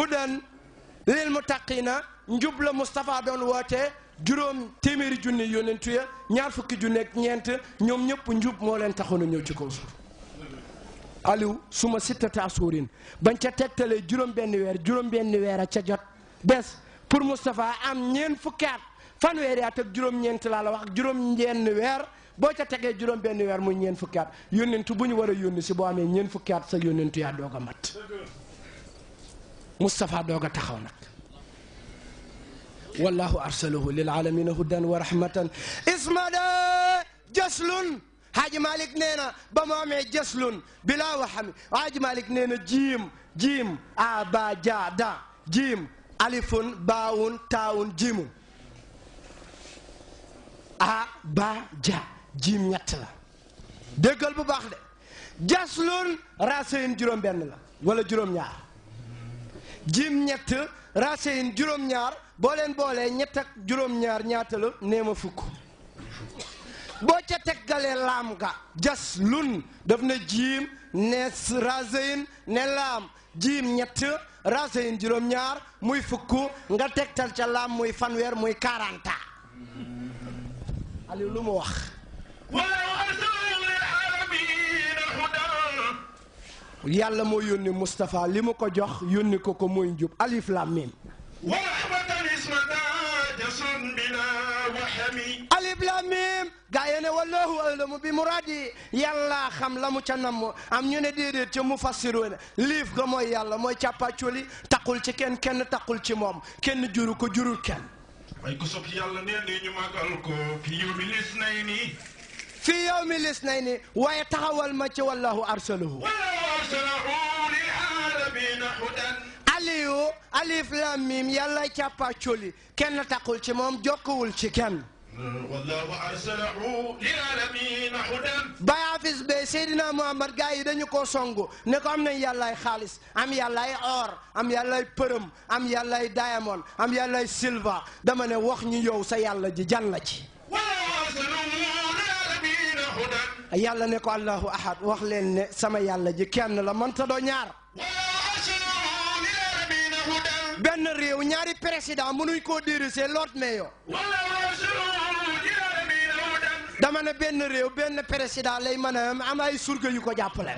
mu lil na njub la Moustapha doon woote juróom téeméeri junni yónnentu ya ñaar fukki junni ak ñeent ñoom ñëpp njub moo leen taxoon a ñëw ci kaw suuf su ma sittata suurin bañ ca tegtalee juróom benn weer juróom benn weer a ca jot des pour Moustapha am ñeent fukki at fanweeri at ak juróom-ñeent laa la wax ak juróom-ñenn weer boo ca tegee juróom benn weer muy ñeent fukki at yónnentu bu ñu war a yónni si boo amee ñeent fukki at sa yónnentu yaa mat مصطفى دوغا تخاو والله ارسله للعالمين هدى ورحمه اسم جسلون حاج مالك نينا بمامع جسلون بلا وحم حاج مالك نينا جيم جيم ابا جادا جيم الفون باون تاون جيم ابا جا جيم نيات لا دغال بو باخ جسلون راسين جيروم بن لا ولا جيروم نيار jim ñett racine juróom-ñaar boo boolee ñett ak juróom-ñaar ñaata la fukk boo ca teggalee laam ga jas lun daf na jiim ne racine ne laam jiim ñett racine juróom-ñaar muy fukk nga tegtal ca laam muy fanweer muy quarante. Aliou lu mu wax. yàlla moo yónni Moustapha li mu ko jox yónni ko ko mooy njub alif lam mim alif lam mim wallahu alamu bi muraadi yàlla xam la mu ca namm am ñu ne déedéet ca mu fassiroone liif ga mooy yàlla mooy càppaacoli taqul ci kenn kenn taqul ci moom kenn juru ko jurul kenn waaye ko sopp yàlla nee na ñu màggal ko fi yawmi lisnayni fi yawmi waaye taxawal ma ci wallahu arsaluhu aliyu alif lam mim yàlla càppaacoli kenn taxul ci moom jokkuwul ci kenn wallahu arsalahu lil alamin hudan bayaafis be Seydina Muhammad gaa yi dañu ko songu ne ko am nañ yàllaay xaalis am yàllaay or am yàllaay përëm am yàllaay diamond am yàllaay silva dama ne wax ñu yow sa yàlla ji jan la ci yàlla ne ko allahu ahad wax leen ne sama yàlla ji kenn la mënta doo ñaar benn réew ñaari président mënuñ koo diriger l'autre meilleur dama ne benn réew benn président lay mën a am ay surga yu ko jàppale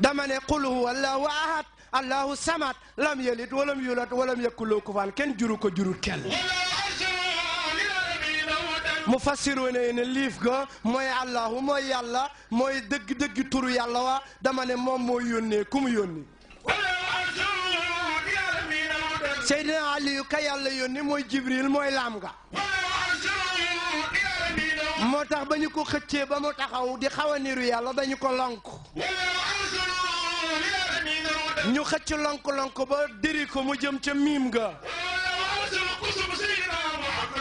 dama ne qul huwa allahu ahad allahu samad lam yalid walam yulad walam yakun lahu kufuwan kenn juru ko jurul kenn mu fassiru ne ne liif ga mooy allahu mooy yàlla mooy dëgg-dëgg turu yàlla wa dama ne moom mooy yónnee ku mu yónni Seydina Aliyu ka yàlla yónni mooy Jibril mooy laam ga moo tax ba ñu ko xëccee ba mu taxaw di xaw a niru yàlla dañu ko lonk ñu xëcc lonk lonk ba diri ko mu jëm ca miim ga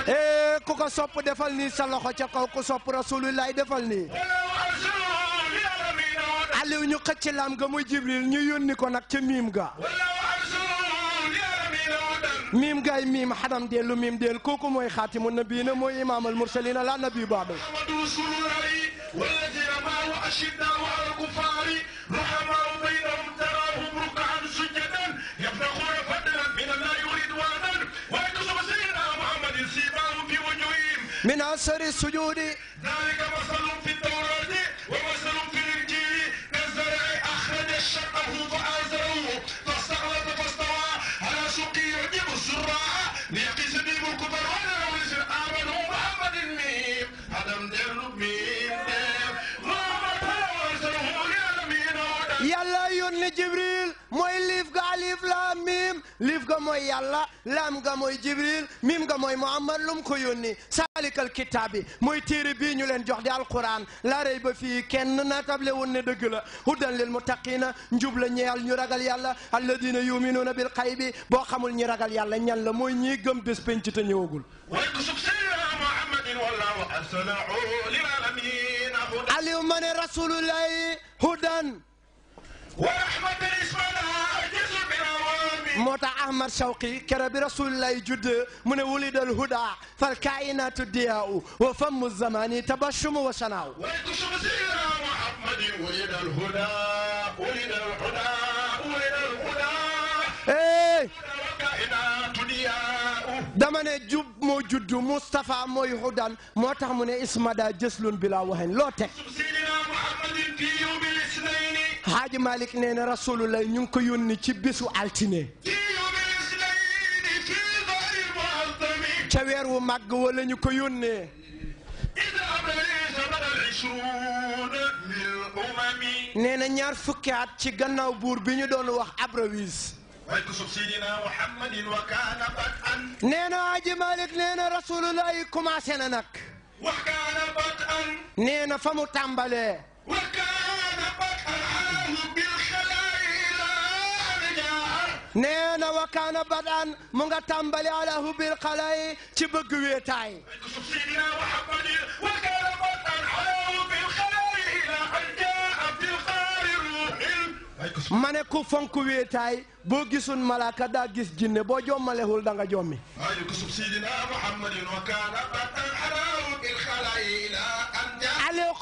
Eh, ku ko sopp defal nii sa loxo ca kaw ku sopp rasulillahi defal nii Aliou ñu xëcc laam ga muy Jibril ñu yónni ko nag ca miim ga miim gaay miim xadam dellu miim deel kooku mooy xaatimu nabiina mooy imaamal mursalina la nabi baadu wala من أسر السجود ذلك مثل في التوراة ومثل في الإنجيل كالزرع أخرج شقه فآزره فاستغلظ فاستوى على سوقه يعجب الزراعه موي يالا لام غا موي جبريل ميم غا موي محمد لوم كو يوني سالك الكتاب موي تيري بي ñu leen jox di alquran la rey ba fi kenn natable won ne deug la hudan lil muttaqina njub la ñeel ñu ragal yalla alladina yu'minuna bil qaybi bo xamul ñu ragal yalla ñan la moy ñi gëm des penc te ñewagul ويكشف سر محمد والله أسلع للعالمين moo tax ahmad shawqi kere bi rasulillahi judd mu ne wulidal huda fal kainatu diyau wa famu zamani tabashumu wa sanaaw waytu shamsira muhammadi wulidal huda wulidal huda wulidal huda eh kainatu diyau dama ne jub moo judd Moustapha mooy hudan moo tax mu ne ismada jëslun bila waxen loo teg shamsira muhammadin Haaji Malick nee na rasulullah ñu ngi ko yónni ci bésu altine ca weer wu màgg wala ñu ko yónnee nee na ñaar fukki at ci gannaaw buur bi ñu doon wax abrawis nee na Haaji Malick nee na rasulullah yi commencé na nag nee na fa mu tàmbale nee na wakaana badaan mu nga tàmbali ala hubil xalay ci bëgg wéetaay ma ne ku fonk wéetaay boo gisul malaaka daa gis jinne boo jommalewul da nga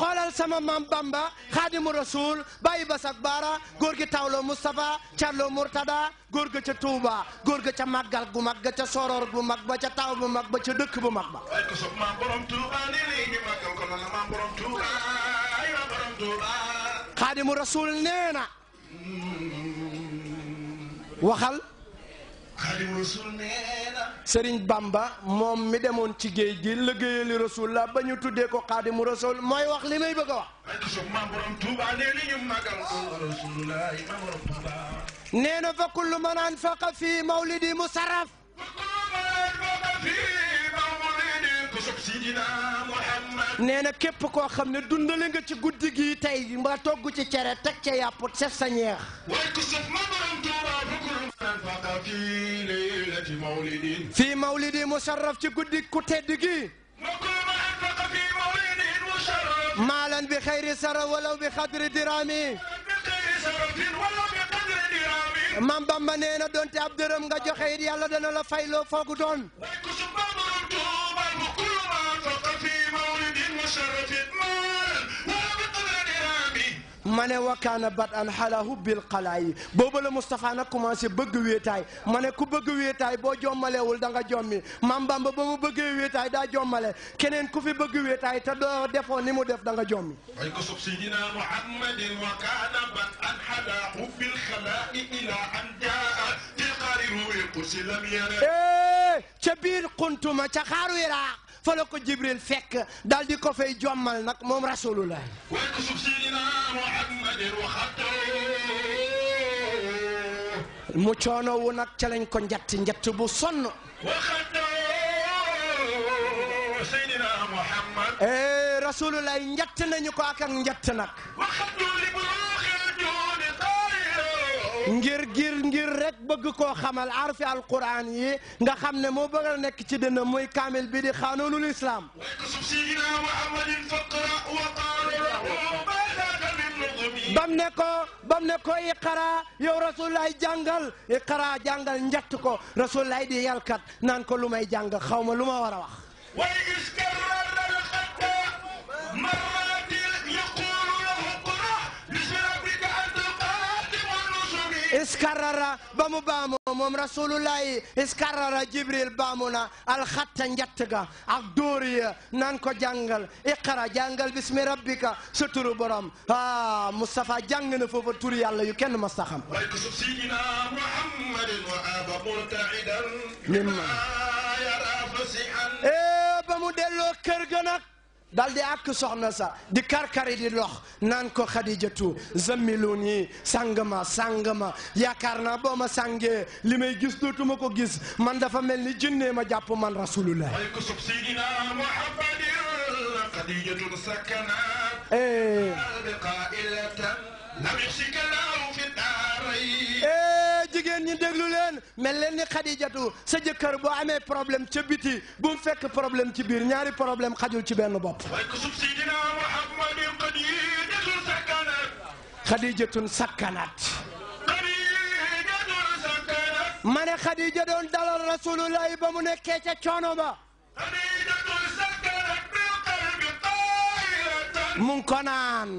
xoolal sama maam Bamba xaadimu rasul bàyyi basak baara góor gi tawlo Moustapha Carlo Murtada góor ga ca Touba góor ga ca màggal gu mag ga ca soror bu mag ba ca taw bu mag ba ca dëkk bu mag ba xaadimu rasul nee na waxal xaadimu rasul nee na bamba mom mi demoon ci géej gi liggéeyali rasul la ba ñu tuddee ko xaadimu rasul mooy wax li may bëgg a wax nee na fa kullu man anfaqa fi mawlidi musarraf nee na képp koo dundale nga ci guddi gi tey mba togg ci cere teg ca yàpp set sa ñeex مولد في مولد مشرف تقد كتدقي مالا بخير سر ولو بخدر درامي من بمبنينا دونتي عبد الرم غا جوخي ديالا دنا لا فايلو فوكو دون ma ne wakkaana bat an xalaahu bil xalaa yi la Moustapha nag commencé bëgg wéetaay ma ne ku bëgg wéetaay boo jommalewul danga nga jommi maam Bamba ba mu bëggee wéetaay daa jommale keneen ku fi bëgg wéetaay te doo defoo ni mu def da nga jommi way ko sob sidina muhammadin wakkaana bat an xalaahu bil xalaa ila an jaa ti xariru qursi lam yara eh, ca biir xuntuma ca xaaru iraq fa ko jibril fekk daal ko fay jommal nag moom rasulullah mu coono wu nag ca lañ ko njatt njatt bu sonn ee eh, rasulullah njatt nañu ko ak ak njatt nag ngir ngir ngir rek bëgg ko xamal arfi alquran yi nga xamne mo bëggal nek ci dënd moy kamel bi di xanoolul islam bam ne ko bam ne ko iqra yow rasulullah jàngal iqra jàngal ñatt ko rasulullah di yalkat nan ko lu may jàng xaw ma lu ma war a wax اسكرر بامو بامو مم رسول الله اسكرر جبريل بامونا الخط نجتغا اقدوري نانكو جنگل اقرا جنگل بسم ربك ستر برام ها آه، مصطفى جانغن فوفو توري الله يكن مستخم ويكسب سيدنا محمد وآب مرتعدا مما يرى فسيحا ايه بامو دلو كرغنك dal di ak soxna sa di karkari di lox naan ko xadijatu zammiluun yi sàng ma sàng ma yaakaar naa boo ma sàngee li may gis dootuma ko gis man dafa mel ni jinnee ma jàpp man rasulullah ee jigéen ñi déglu leen mel leen ni xadijatu sa jëkkër boo amee problème ca biti bu mu fekk problème ci biir ñaari problème xajul ci benn bopp xadijatun sakkanaat ma ne xadija doon dalal rasulullahi ba mu nekkee ca coono ba mu ngi ko naan